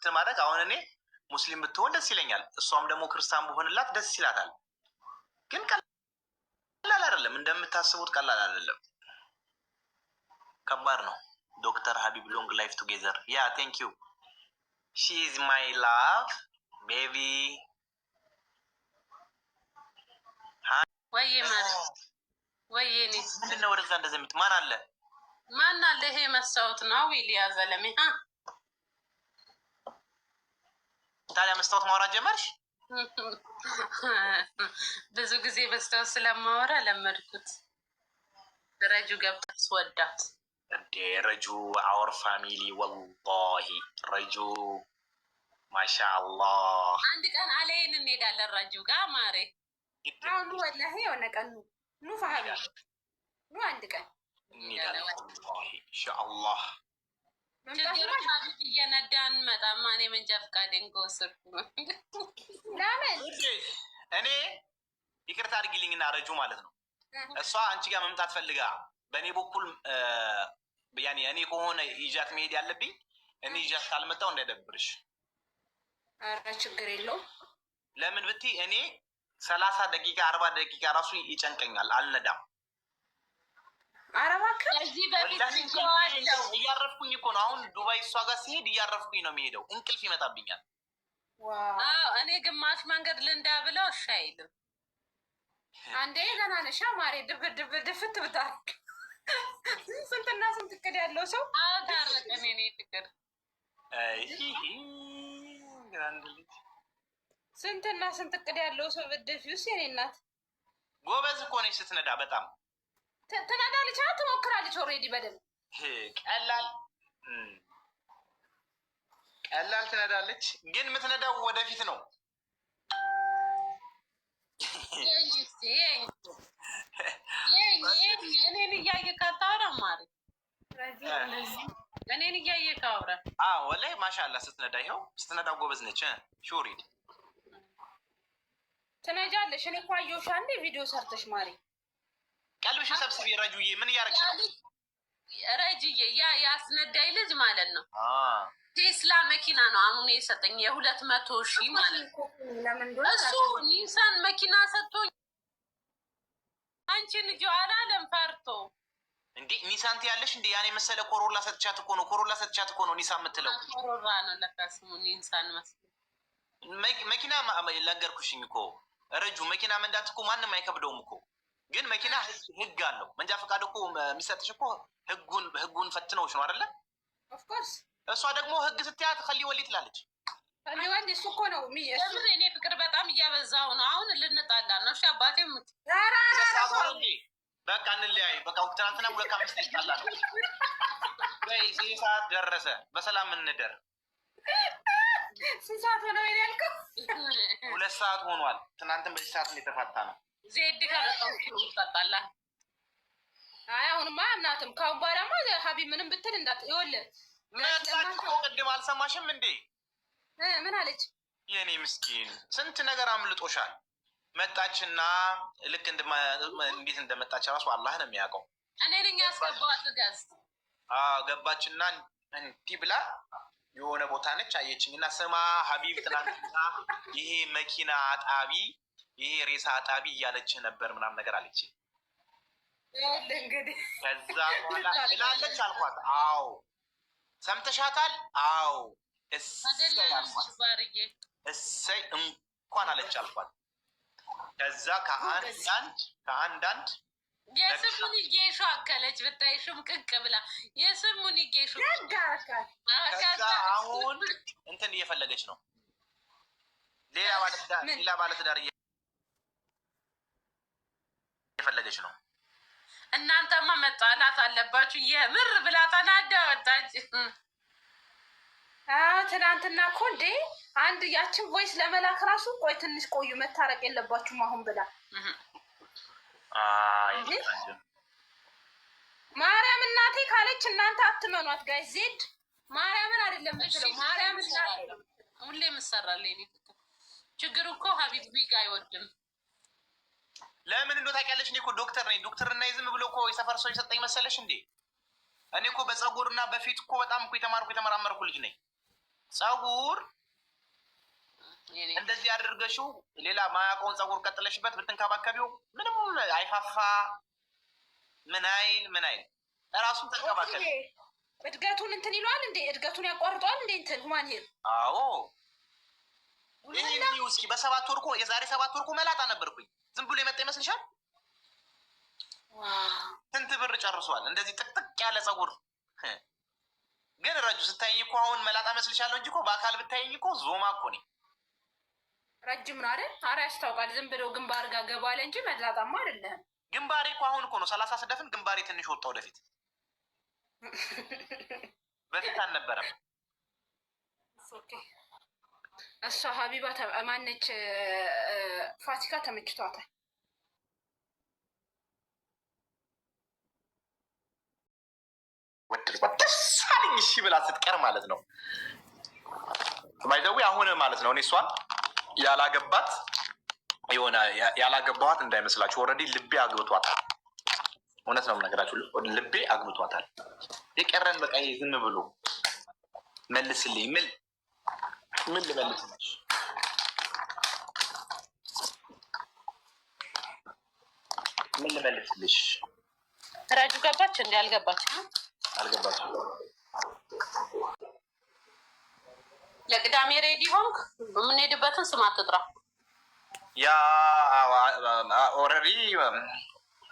እንትን ማድረግ አሁን እኔ ሙስሊም ብትሆን ደስ ይለኛል፣ እሷም ደግሞ ክርስቲያን በሆንላት ደስ ይላታል። ግን ቀላል አይደለም፣ እንደምታስቡት ቀላል አይደለም፣ ከባድ ነው። ዶክተር ሀቢብ ሎንግ ላይፍ ቱጌዘር ያ ቴንክ ዩ ሺዝ ማይ ላቭ ቤቢ ወይ ማለት ኔ ምንድነው? ወደዛ እንደዚህ የምት ማን አለ ማን አለ? ይሄ መስታወት ነው ዊልያ ዘለሜ ታዲያ መስታወት ማውራት ጀመርሽ? ብዙ ጊዜ መስታወት ስለማወራ ለመድኩት። ረጁ ገብታ ስወዳት እንዴ ረጁ አወር ፋሚሊ ወላሂ ረጁ ማሻአላህ። አንድ ቀን አለይን እንሄዳለን ረጁ ጋ ማሬ። አሁኑ ወላሂ የሆነ ቀን ኑ ኑ ፋሀቢ ኑ አንድ ቀን እንሄዳለን ኢንሻአላህ እየነዳን መጣማ እኔ መንጃ ፈቃዴን ከወሰድኩ እኔ ይቅርታ አድርጊልኝና ረጁ ማለት ነው። እሷ አንቺ ጋር መምጣት ፈልጋ በእኔ በኩል ያኔ እኔ ከሆነ ይዣት መሄድ ያለብኝ እኔ ይዣት ካልመጣው እንዳይደብርሽ። ኧረ ችግር የለውም። ለምን ብትይ እኔ ሰላሳ ደቂቃ አርባ ደቂቃ ራሱ ይጨንቀኛል፣ አልነዳም እያረፍኩኝ እኮ ነው አሁን ዱባይ እሷ ጋር ሲሄድ እያረፍኩኝ ነው የሚሄደው። እንቅልፍ ይመጣብኛል። እኔ ግማሽ መንገድ ልንዳ ብለው እሺ አይልም። አንዴ ገና ነሻ ማሬ ድብር ድብር ድፍት ስንትና ስንት እቅድ ያለው ሰው ታረቅን ኔ ፍቅር ስንትና ስንት እቅድ ያለው ሰው ውስጥ የኔ እናት ጎበዝ እኮ ነች ስትነዳ በጣም ትናዳለች ና ትሞክራለች። ኦልሬዲ በደምብ ቀላል ቀላል ትነዳለች፣ ግን የምትነዳው ወደፊት ነው። እኔን እያየ ካታረ ማሪ፣ እኔን እያየ አውራ። ወላይ ማሻላ ስትነዳ ይኸው ስትነዳ ጎበዝ ነች። ሹሪድ ትነጃለሽ። እኔ እኮ አየሁሽ አንዴ ቪዲዮ ሰርተሽ ማሬ ቀልብሽ ሰብስቤ ረጁዬ፣ ምን እያደረግሽ ነው? ረጅዬ ያ የአስነዳይ ልጅ ማለት ነው። ቴስላ መኪና ነው አሁን የሰጠኝ የሁለት መቶ ሺ ማለት ነው። እሱ ኒሳን መኪና ሰጥቶኝ አንቺን ልጅ አላለም ፈርቶ እንዴ ኒሳንት ያለሽ እንዴ? ያኔ መሰለ ኮሮላ ሰጥቻት እኮ ነው ኮሮላ ሰጥቻት እኮ ነው ኒሳን የምትለው። ኮሮላ ነው ለካ ስሙ ኒሳን መስሎኝ። መኪና ነገርኩሽኝ እኮ ረጁ፣ መኪና መንዳት እኮ ማንም አይከብደውም እኮ ግን መኪና ህግ አለው። መንጃ ፈቃድ እኮ የሚሰጥሽ እኮ ህጉን ህጉን ፈትነውሽ ነው አይደለ? እሷ ደግሞ ህግ ስትያት ከሊ ወሊ ትላለች። ከሊ እሱ እኮ ነው። እኔ ፍቅር በጣም እያበዛው ነው። አሁን ልንጣላ ነው። አባቴ በቃ እንለያዩ። በቃ ትናንትና ሁለት አምስት ይጣላ ነው። በዚህ ሰዓት ደረሰ። በሰላም እንደር። ስንት ሰዓት ሆነ ያልከው? ሁለት ሰዓት ሆኗል። ትናንትን በዚህ ሰዓት እንደተፋታ ነው ዜድ ጋር አይ አሁንማ አምናትም ካሁን በኋላማ ሀቢብ ምንም ብትል እንዳት ይወለ ቅድም አልሰማሽም እንዴ? ምን አለች? የኔ ምስኪን ስንት ነገር አምልጦሻል። መጣችና ልክ እንዴት እንደመጣች ራሱ አላህ ነው የሚያውቀው። እኔ ልኝ ያስገባት ጋዝ ገባችና እንዲህ ብላ የሆነ ቦታ ነች አየችኝ እና ስማ ሀቢብ ትናንትና ይሄ መኪና አጣቢ ይሄ ሬሳ አጣቢ እያለች ነበር ምናም ነገር አለች። ከዛ በኋላ እላለች አልኳት። አዎ ሰምተሻታል? አዎ እሰይ እንኳን አለች አልኳት። ከዛ ከአንዳንድ ከአንዳንድ የስሙን ጌሾ አከለች ብታይ ሽምቅቅ ብላ የስሙን ጌሾ። አሁን እንትን እየፈለገች ነው ሌላ ባለትዳር የፈለገች ነው። እናንተማ መጣላት አለባችሁ የምር ብላ ተናዳ ወጣች። ትናንትና እኮ እንዴ አንድ ያችን ቮይስ ለመላክ ራሱ ቆይ ትንሽ ቆዩ መታረቅ የለባችሁም አሁን ብላ ማርያም እናቴ ካለች እናንተ አትመኗት ጋይ ዜድ ማርያምን አይደለም ምትለው ማርያም ሁሌ ምሰራለ ችግሩ እኮ ሀቢቢ ጋ አይወድም ለምን እንዶ ታውቂያለሽ? እኔ እኮ ዶክተር ነኝ። ዶክተርና ዝም ብሎ እኮ የሰፈር ሰው የሰጠኝ መሰለሽ እንዴ? እኔ እኮ በፀጉርና በፊት እኮ በጣም እኮ የተማርኩ የተመራመርኩ ልጅ ነኝ። ፀጉር እንደዚህ አድርገሽው ሌላ ማያውቀውን ፀጉር ቀጥለሽበት ብትንከባከቢው ምንም አይፋፋ ምን አይል ምን አይል እራሱን ተንከባከቢ። እድገቱን እንትን ይለዋል እንዴ? እድገቱን ያቋርጠዋል እንዴ? እንትን ማንሄል አዎ ይህ እስኪ በሰባት ወርኮ የዛሬ ሰባት ወርኮ መላጣ ነበርኩኝ ዝም ብሎ የመጣ ይመስልሻል? ስንት ብር ጨርሷል? እንደዚህ ጥቅጥቅ ያለ ጸጉር ግን ረጁ ስታይኝ እኮ አሁን መላጣ መስልሻለሁ እንጂ እኮ በአካል ብታይኝ እኮ ዞማ እኮ ነኝ። ረጅም ነው አይደል? ኧረ ያስታውቃል። ዝም ብሎ ግንባር ጋር ገባለ እንጂ መላጣማ አይደለም። ግንባሬ እኮ አሁን እኮ ነው ሰላሳ ስደፍን ግንባሬ ትንሽ ወጣ ወደፊት፣ በፊት አልነበረም። እሷ ሀቢባ ማነች ፋሲካ ተመችቷታል። ደስ አለኝ እሺ ብላ ስትቀር ማለት ነው። ባይዘዌ አሁን ማለት ነው እኔ እሷን ያላገባት የሆነ ያላገባኋት እንዳይመስላችሁ ኦልሬዲ ልቤ አግብቷታል። እውነት ነው የምነግራችሁ፣ ልቤ አግብቷታል። የቀረን በቃ ዝም ብሎ መልስልኝ ምል ምን ልመልስልሽ? ምን ልመልስልሽ? ራጁ ገባች እንዲ አልገባች አልገባች። ለቅዳሜ ሬዲ ሆንክ? የምንሄድበትን ስም አትጥራ። ያ ኦልሬዲ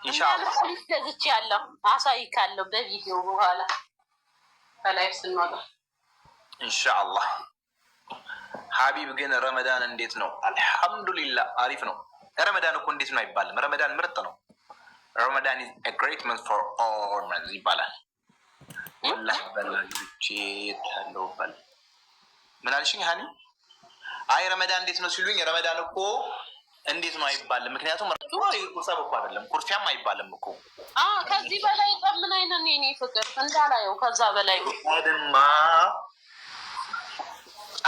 ኢንሻላህ ገዝቼ ያለው አሳይካለሁ በቪዲዮ በኋላ ከላይፍ ስንወጣ ኢንሻላህ ሀቢብ ግን ረመዳን እንዴት ነው? አልሐምዱሊላህ አሪፍ ነው። ረመዳን እኮ እንዴት ነው አይባልም። ረመዳን ምርጥ ነው። ረመዳን ግሬት መንዝ ፎር ኦል ይባላል። ወላ በላጆቼ ምን አልሽኝ ሀኒ? አይ ረመዳን እንዴት ነው ሲሉኝ ረመዳን እኮ እንዴት ነው አይባልም። ምክንያቱም ቁርሰብ እኮ አይደለም ኩርፊያም አይባልም እኮ ከዚህ በላይ ምን አይነት የኔ ፍቅር እንዳላየው ከዛ በላይ ደማ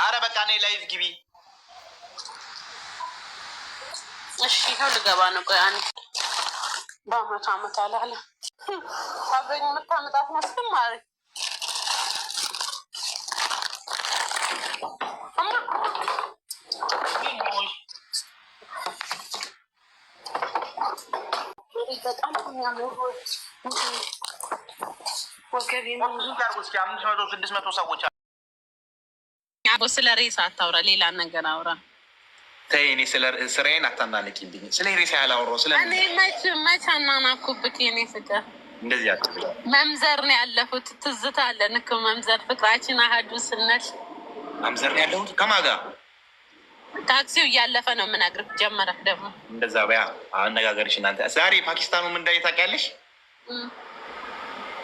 አረ በቃ እኔ ላይፍ ግቢ። እሺ ይኸው ልገባ ነው። ቆይ አንድ በአመቱ አመት አላለ አብረኝ የምታመጣት መስልም ማሪ በጣም የሚያምሩ ወገቤ መቶ ስድስት መቶ ሰዎች አቦ ስለ ሬሳ አታውራ፣ ሌላ ነገር አውራ። ተይ፣ እኔ ስለ ስራዬን አታናንቂብኝ። ስለ ሬሳ ያላውሮ ስለ እኔ መች መች አናናኩብክ። የኔ ፍቅር እንደዚህ ያ መምዘር ነው ያለፉት። ትዝታ አለን እኮ መምዘር፣ ፍቅራችን አህዱ ስነት መምዘር ነው ያለሁት። ከማን ጋር ታክሲው እያለፈ ነው የምነግርህ። ጀመረ ደግሞ እንደዛ በያ አነጋገርሽ። እናንተ ዛሬ ፓኪስታኑ ምን እንዳለ ታውቂያለሽ?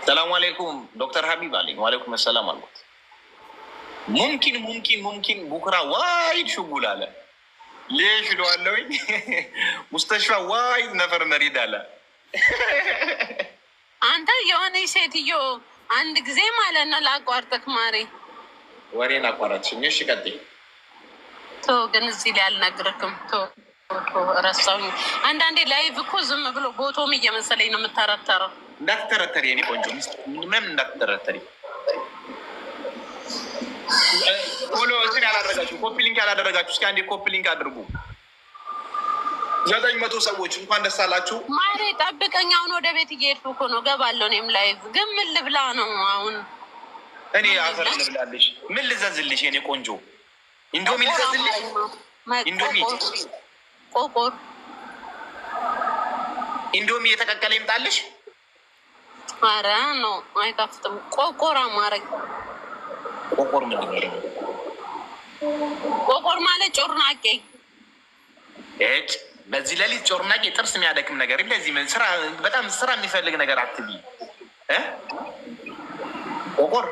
ሰላሙ አሌይኩም ዶክተር ሀቢብ አለኝ። ዋሌይኩም ሰላም አልኩት። ሙምኪን ሙምኪን ሙምኪን ቡክራ ዋይድ ሽጉል አለ ሌሽ ለዋለውኝ ሙስተሽፋ ዋይድ ነፈር መሪድ አለ። አንተ የሆነ ሴትዮ አንድ ጊዜ ማለት ነው ለአቋርጠክ ማሪ ወሬን አቋረጥሽኝ። እሺ ቀጥይ። ቶ ግን እዚህ ላይ አልነግርክም። ቶ ረሳሁኝ። አንዳንዴ ላይቭ እኮ ዝም ብሎ ቦቶም እየመሰለኝ ነው የምታረተረው። እንዳትተረተሪ የኔ ቆንጆ ምንም እንዳትተረተሪ ፎሎ እንትን ያላደረጋችሁ ኮፒ ሊንክ ያላደረጋችሁ እስኪ አንዴ ኮፒ ሊንክ አድርጉ። ዘጠኝ መቶ ሰዎች እንኳን ደስ አላችሁ። ማሬ ጠብቀኝ፣ አሁን ወደ ቤት እየሄድኩ እኮ ነው። ገባለሁ እኔም ላይቭ ግን ምን ልብላ ነው አሁን? እኔ አፈር ልብላልሽ፣ ምን ልዘዝልሽ? የኔ ቆንጆ እንዶሚ ልዘዝልሽ፣ እንዶሚ ቆቆር ኢንዶሚ የተቀቀለ ይምጣልሽ። አረ ነው አይጣፍጥም። ቆቆር አማረኝ ቆቆር ምንድን ነው? ቆቆር ማለት ጮርናቄ። እጭ በዚህ ሌሊት ጮርናቄ ጥርስ የሚያደክም ነገር እንደዚህ በጣም ስራ የሚፈልግ ነገር አትቢ። ቆቆር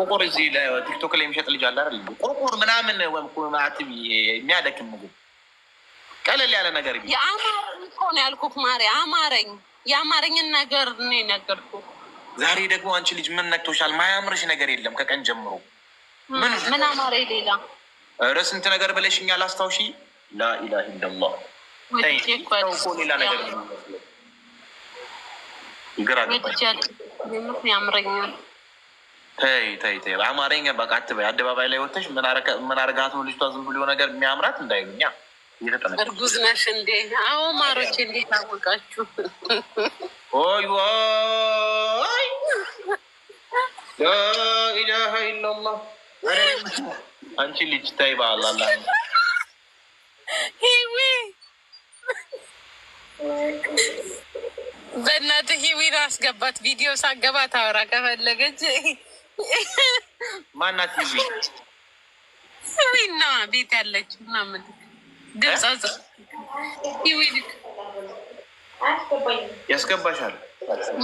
ቆቆር እዚህ ቲክቶክ ላይ የሚሸጥ ልጅ አለ አይደል? ቆቆር ምናምን አትቢ፣ የሚያደክም ምግብ ቀለል ያለ ነገር የአማረኝ እኮ ነው ያልኩህ ማርያም፣ አማረኝ የአማረኝን ነገር ነው የነገርኩህ ዛሬ ደግሞ አንቺ ልጅ ምን ነክቶሻል? ማያምርሽ ነገር የለም ከቀን ጀምሮ ምን አማረ ሌላ ኧረ ስንት ነገር ብለሽኛል። አስታውሺ። ላኢላህ ኢላላህ ሌላ ነገር ግራ ያምረኛል። ተይ ተይ አማረኛ በቃ አትበይ። አደባባይ ላይ ወተሽ ምን አረጋት ነው ልጅቷ? ዝም ብሎ ነገር የሚያምራት እንዳይሉኛ። እርጉዝ ነሽ እንዴ? አዎ ማሮች፣ እንዴት አወቃችሁ? ኦይ ላኢላሃ ኢላላህ አንቺ ልጅ ታይ በአላላ ሂዊ በእናትህ ሂዊን አስገባት። ቪዲዮ ሳገባ ታወራ ከፈለገች ማናት ሂዊ ሂዊና ቤት ያለች ምናምን ድምፅ ሂዊ ያስገባሻል።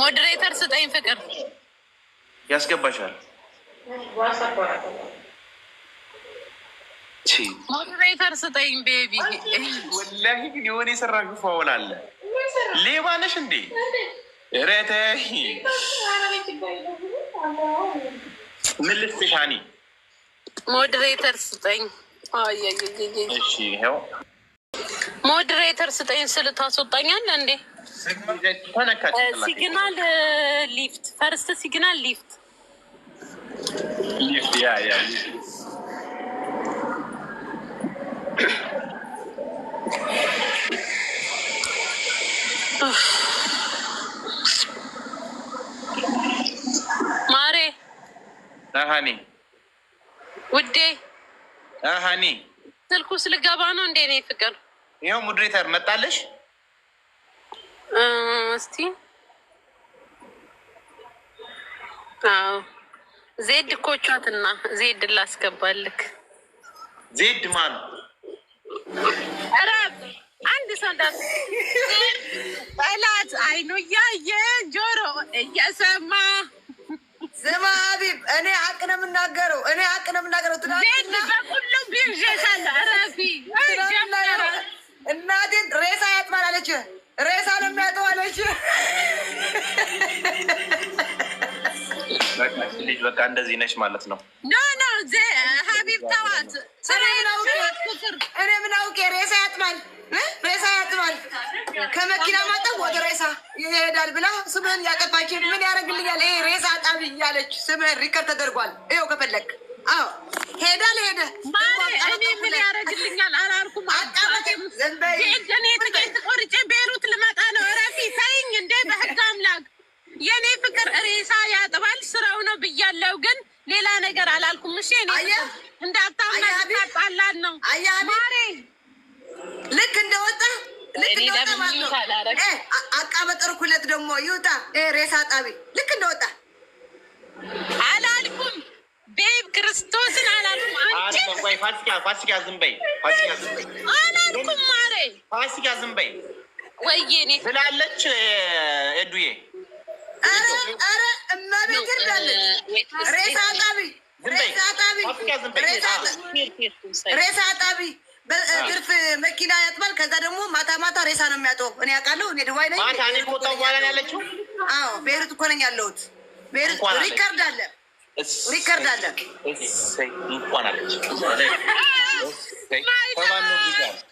ሞዴሬተር ስጠኝ ፍቅር ያስገባሻል። ሞዲሬተር ስጠኝ ቤቢ። ወላሂ ግን የሆነ የሰራሽው ፋውል አለ። ሌባ ነሽ እንዴ? ኧረ ተይ። ምን ስጠኝ። ስጠኝ ስል ታስወጣኛለህ እንዴ? ሲግናል ሊፍት ፈርስት ሲግናል ሊፍት Yeah, yeah. ማሬ ሀኒ ውዴ ሀኒ ስልኩ ስልገባ ነው እንዴ? ኔ ፍቅር ይኸው ሙድሬተር መጣለሽ። እስቲ አዎ ዜድ ኮቻትና ዜድ ላስገባልክ። ዜድ ማን? ኧረ አንድ ሰው ጠላት አይኑ እያየ ጆሮ እየሰማ ስማ ሀቢብ፣ እኔ ሀቅ ነው የምናገረው። እኔ ሀቅ ነው የምናገረው። በሁሉም ቢርሸሻለ ረፊ እናቴን ሬሳ ያጥማል አለች። ሬሳ ነው የሚያጠው ልጅ በቃ እንደዚህ ነች ማለት ነው። ኖ ኖ ሀቢብ ተዋት። እኔ ምን አውቄ ሬሳ ያጥማል፣ ሬሳ ያጥማል። ከመኪና ማጠብ ወደ ሬሳ ይሄዳል ብላ ስምህን ያጠፋች ምን ያደርግልኛል? ይሄ ሬሳ ጣቢ እያለች ስምህን ሪከር ተደርጓል። ይኸው ከፈለግ አዎ ሄዳል ሄደ እኔ ምን ያደርግልኛል አላልኩም። አጣ ዘንበ ቆርጬ ቤሩት ልመጣ ነው። ግን ሌላ ነገር አላልኩም። እሺ እኔ እንደ አታምና ነው ማሬ ልክ እንደወጣ ልክ እንደወጣ ማለት ነው። አቃበጠርኩ ዕለት ደግሞ ይውጣ ሬሳ ጣቢ ልክ እንደወጣ አላልኩም። ቤብ ክርስቶስን አላልኩም። አንቺ ፋሲካ ፋሲካ ዝም በይ አላልኩም። ማሬ ፋሲካ ዝም በይ ወይኔ ስላለች እዱዬ ሬሳ አጣቢ በትርፍ መኪና ያጥባል። ከዛ ደግሞ ማታ ማታ ሬሳ ነው የሚያጠው እኔ አውቃለሁ እኔ ድዋይ ነኝ። አዎ ቤይሩት እኮ ነኝ ያለሁት። ቤይሩት ሪከርድ አለ፣ ሪከርድ አለ። እንኳን አለች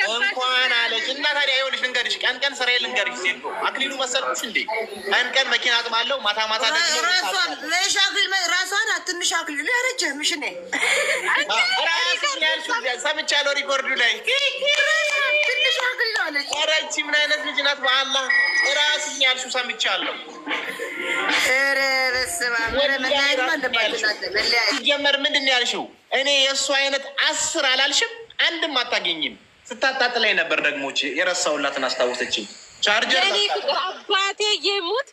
እንኳን አለች እና ታዲያ ይኸውልሽ ልንገርሽ፣ ቀን ቀን ስራዬ ልንገርሽ፣ ሴት አክሊሉ መሰልኩሽ እንዴ? ቀን ቀን መኪና አጥማለሁ፣ ማታ ማታ ደግሞ ራሷን ትንሽ አክሊሉ ያረጀምሽ ነ ሰምቻለሁ፣ ሪኮርዱ ላይ ትንሽ አክሊሉ አለች። ረቺ ምን አይነት ልጅ ናት? በአላ ራስ ያልሽው ሰምቻለሁ። ሲጀመር ምንድን ነው ያልሽው? እኔ የእሱ አይነት አስር አላልሽም፣ አንድም አታገኝም። ስታጣጥለኝ ነበር ደግሞ የረሳውላትን አስታወሰችኝ። ቻርጀር አባቴ የሙት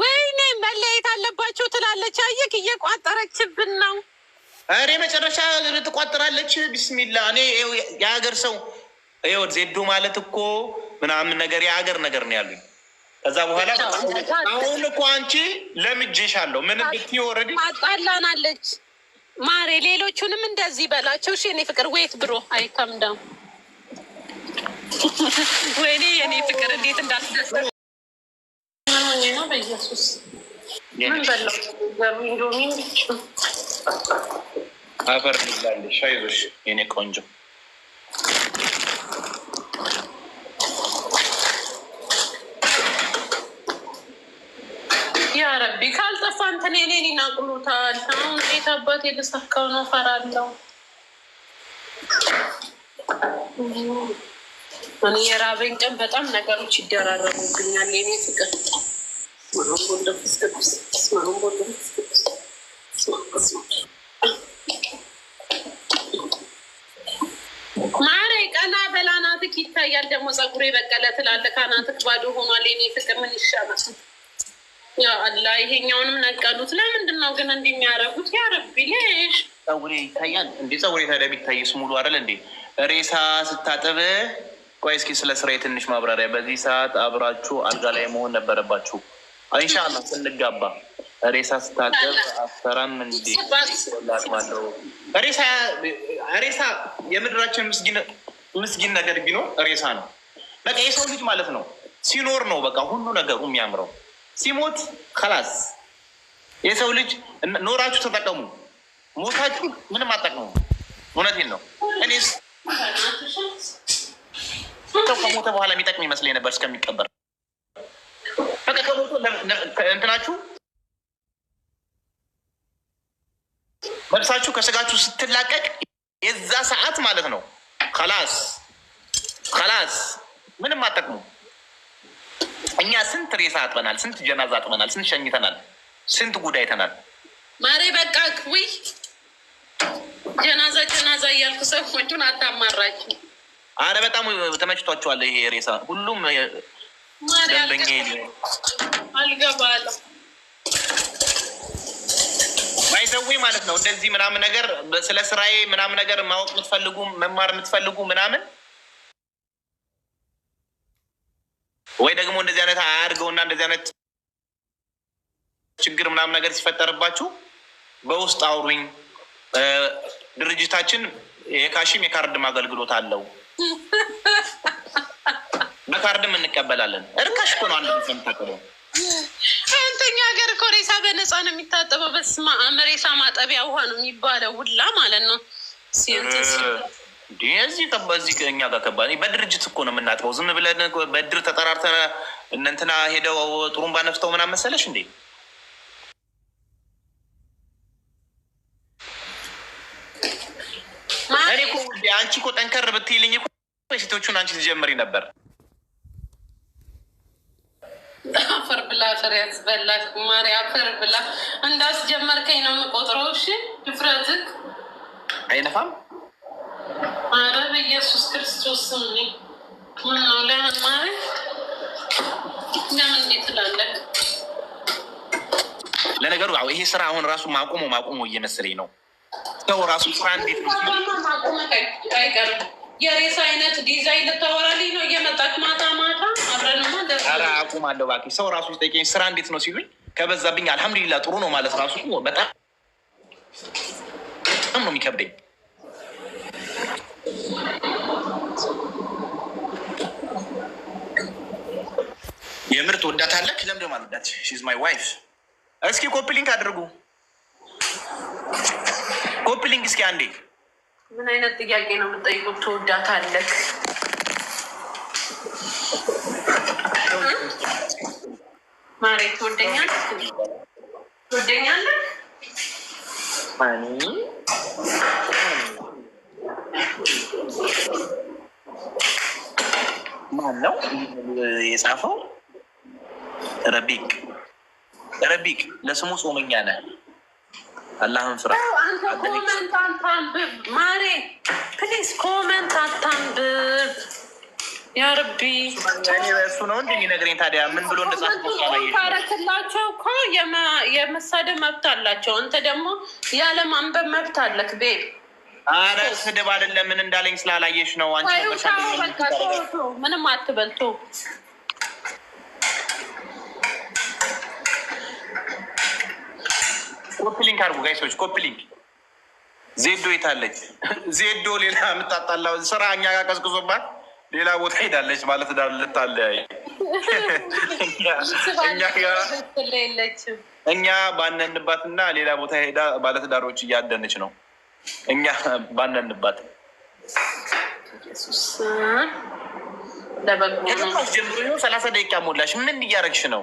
ወይኔ መለየት አለባቸው ትላለች። አየክ እየቋጠረችብን ነው። እኔ መጨረሻ ትቋጥራለች። ቢስሚላ እኔ የሀገር ሰው ይኸው ዜዶ ማለት እኮ ምናምን ነገር የሀገር ነገር ነው ያሉኝ። ከዛ በኋላ አሁን እኮ አንቺ ለምጄሻለሁ ምን ብትወረድ ማጣላናለች ማሬ ሌሎቹንም እንደዚህ በላቸው። እሺ የኔ ፍቅር ወይት ብሮ አይካም ዳም ወይኔ የኔ ፍቅር እንዴት እንዳልደስ አፈር ልላለሽ። አይዞሽ የኔ ቆንጆ ያረቢ ካል አንተ ሌሌ ይናቅሉታል። አሁን እንዴት አባት የተሳካው ነው ፈራለው። እኔ የራበኝ ቀን በጣም ነገሮች ይደራረቡብኛል። የኔ ፍቅር ማረ ቀና በላናትክ ይታያል። ደግሞ ፀጉሬ በቀለ ትላለህ። ካናትክ ባዶ ሆኗል። የኔ ፍቅር ምን ይሻላል? ያ ይሄኛውንም ነቀሉት። ለምንድን ነው ግን እንደሚያደርጉት? ያ ረቢ ልሽ ፀጉሬ ይታያል እንዴ? ፀጉሬ ታዲያ ቢታይስ ስሙሉ አይደል እንዴ? ሬሳ ስታጥብ ቆይ እስኪ ስለ ስራ የትንሽ ማብራሪያ። በዚህ ሰዓት አብራችሁ አልጋ ላይ መሆን ነበረባችሁ። ኢንሻላ ስንጋባ ሬሳ ስታጥብ አሰራም እንዴ? ሬሳ ሬሳ የምድራችን ምስጊን ነገር ቢኖር ሬሳ ነው። በቃ የሰው ልጅ ማለት ነው ሲኖር ነው በቃ ሁሉ ነገሩ የሚያምረው ሲሞት ከላስ የሰው ልጅ ኖራችሁ ተጠቀሙ፣ ሞታችሁ ምንም አጠቅሙ። እውነቴን ነው። እኔ ሰው ከሞተ በኋላ የሚጠቅም ይመስለኝ ነበር እስከሚቀበር እንትናችሁ ነብሳችሁ ከስጋችሁ ስትላቀቅ የዛ ሰዓት ማለት ነው። ከላስ ከላስ ምንም አጠቅሙ። እኛ ስንት ሬሳ አጥበናል፣ ስንት ጀናዛ አጥበናል፣ ስንት ሸኝተናል፣ ስንት ጉዳይ ተናል። ማሬ በቃ ውይ ጀናዛ ጀናዛ እያልኩ ሰዎቹን አታማራች። አረ በጣም ተመችቷቸዋል። ይሄ ሬሳ ሁሉም ደንበኛ አልገባለሁ ማለት ነው። እንደዚህ ምናምን ነገር ስለ ስራዬ ምናምን ነገር ማወቅ የምትፈልጉ መማር የምትፈልጉ ምናምን ወይ ደግሞ እንደዚህ አይነት አያድርገውና እንደዚህ አይነት ችግር ምናምን ነገር ሲፈጠርባችሁ በውስጥ አውሩኝ። ድርጅታችን የካሽም የካርድም አገልግሎት አለው። በካርድም እንቀበላለን። እርካሽ እኮ ነው። አንድ ሰ አንተኛ ሀገር እኮ ሬሳ በነፃ ነው የሚታጠበው። በስመ አብ ሬሳ ማጠቢያ ውሃ ነው የሚባለው ሁላ ማለት ነው። እዚህ በዚህ እኛ ጋር ከባድ በድርጅት እኮ ነው የምናጥበው። ዝም ብለን በድር ተጠራርተን እነንትና ሄደው ጥሩምባ ነፍተው ምናምን መሰለሽ እንዴ? አንቺ እኮ ጠንከር ብትይልኝ ሴቶቹን አንቺ ትጀምሪ ነበር። አፈር ብላ አፈር ያስበላሽ ማሪ፣ አፈር ብላ እንዳስጀመርከኝ ነው የምቆጥረው። እሺ ድፍረትህ አይነፋም አረ በኢየሱስ ክርስቶስ ምነው ለማረ ለምን እንዴት እላለህ? ለነገሩ ይሄ ስራ አሁን ራሱ ማቆሞ ማቆሞ እየመሰለኝ ነው። ሰው ራሱ ስራ እንዴት ነው የሬሳ አይነት ዲዛይን ልታወራልኝ ነው እየመጣች ማታ ማታ አብረንማ። ኧረ አቁማለሁ እባክህ። ሰው ራሱ ሲጠይቀኝ ስራ እንዴት ነው ሲሉኝ ከበዛብኝ አልሐምዱሊላህ ጥሩ ነው ማለት ራሱ በጣም ነው የሚከብደኝ። የምርት ወዳት ለምን ለምደ አልወዳት? ሺዝ ማይ ዋይፍ። እስኪ ኮፕሊንክ አድርጉ፣ ኮፕሊንክ እስኪ አንዴ። ምን አይነት ጥያቄ ነው የምጠይቁት? አለክ ማሬ ትወደኛለህ? ትወደኛለህ? ማን ነው የጻፈው? ረቢቅ ረቢቅ ለስሙ ጾመኛ ነህ። አላህን ፍራ። ኮመንት አታንብብ ማሬ፣ ኮመንት አታንብብ። ያ ረቢ እሱ ነው ታዲያ ምን ብሎ እኮ የመሳደብ መብት አላቸው። አንተ ደግሞ ያለማንበብ መብት አለክ ቤብ አረ ስድብ አይደለም። ምን እንዳለኝ ስላላየሽ ነው። አንቺ ምንም አትበልቶ ኮፒ ሊንክ አድርጉ ጋይሶች፣ ኮፒ ሊንክ። ዜዶ የታለች ዜዶ? ሌላ የምታጣላ ስራ እኛ ጋር ቀዝቅዞባት ሌላ ቦታ ሄዳለች ማለት ዳ ልታለያይ እኛ ባነንባትና ሌላ ቦታ ሄዳ ባለትዳሮች እያደነች ነው። እኛ ባነንባት ጀምሮ ሰላሳ ደቂቃ ሞላሽ። ምን እያረግሽ ነው?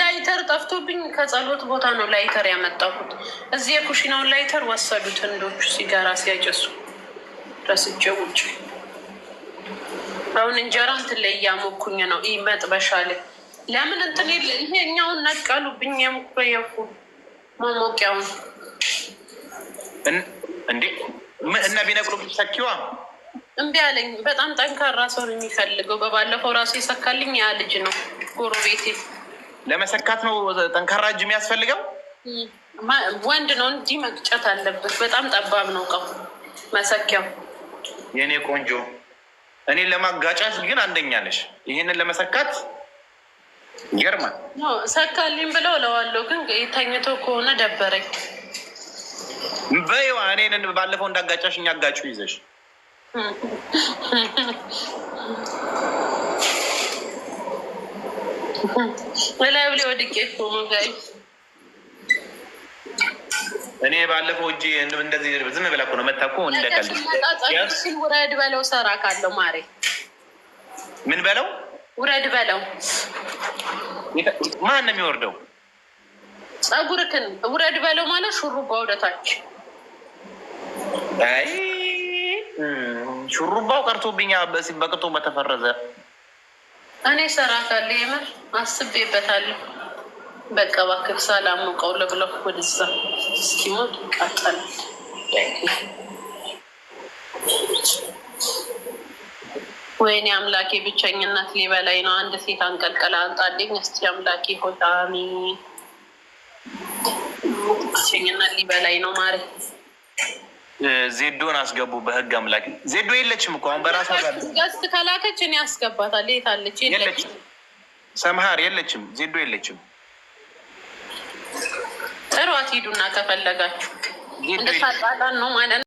ላይተር ጠፍቶብኝ ከጸሎት ቦታ ነው ላይተር ያመጣሁት። እዚህ የኩሽናውን ላይተር ወሰዱት እንዶቹ ሲጋራ ሲያጨሱ ረስቼ ውጭ። አሁን እንጀራ እንትን ላይ እያሞኩኝ ነው። ይህ መጥበሻ ለምን እንትን ይሄኛውን ነቀሉብኝ የሙኩ መሞቂያውን እንዴ እና ቢነግሩ ሰኪዋ እምቢ አለኝ። በጣም ጠንካራ ሰው ነው የሚፈልገው። በባለፈው ራሱ የሰካልኝ ያ ልጅ ነው ጎረቤቴ። ለመሰካት ነው ጠንካራ እጅ የሚያስፈልገው። ወንድ ነው እንዲህ መግጨት አለበት። በጣም ጠባብ ነው እቃው መሰኪያው። የእኔ ቆንጆ እኔ ለማጋጫት ግን አንደኛ ነሽ። ይህንን ለመሰካት ይገርማል። ሰካልኝ ብለው እለዋለሁ፣ ግን ተኝቶ ከሆነ ደበረኝ። በይዋ እኔን ባለፈው እንዳጋጫሽ እኛ አጋጩ ይዘሽ በላይ ወድቄ እኔ ባለፈው እጅ እንደዚህ ዝም ብላ እኮ ነው መታ እኮ እንደቀልድ ውረድ በለው ሰራ ካለው ማሬ ምን በለው ውረድ በለው ማን ነው የሚወርደው? ፀጉርክን ውረድ በለው ማለት ሹሩባ ወደታች። አይ ሹሩባው ቀርቶብኛ በቅጡ በተፈረዘ እኔ ሰራታለ የምር አስቤበታለሁ። በቃ እባክህ ሳላሞቀው ልብለው ወደዛ እስኪሞት ይቃጠላል። ወይኔ አምላኬ ብቸኝነት ሊበላይ ነው። አንድ ሴት አንቀልቀላ አንጣልኝ እስቲ አምላኬ ሆይ አሜን። ብቸኝና ሊበላይ ነው ማለት ዜዶን አስገቡ። በህግ አምላክ ዜዶ የለችም እኮ አሁን በራሷ ጋስ ከላከች እኔ ያስገባታል። የት አለች? የለችም። ሰምሃር የለችም። ዜዶ የለችም። ጥሯት ሂዱና ከፈለጋችሁ እንደሳጣላን ነው ማለት ነው።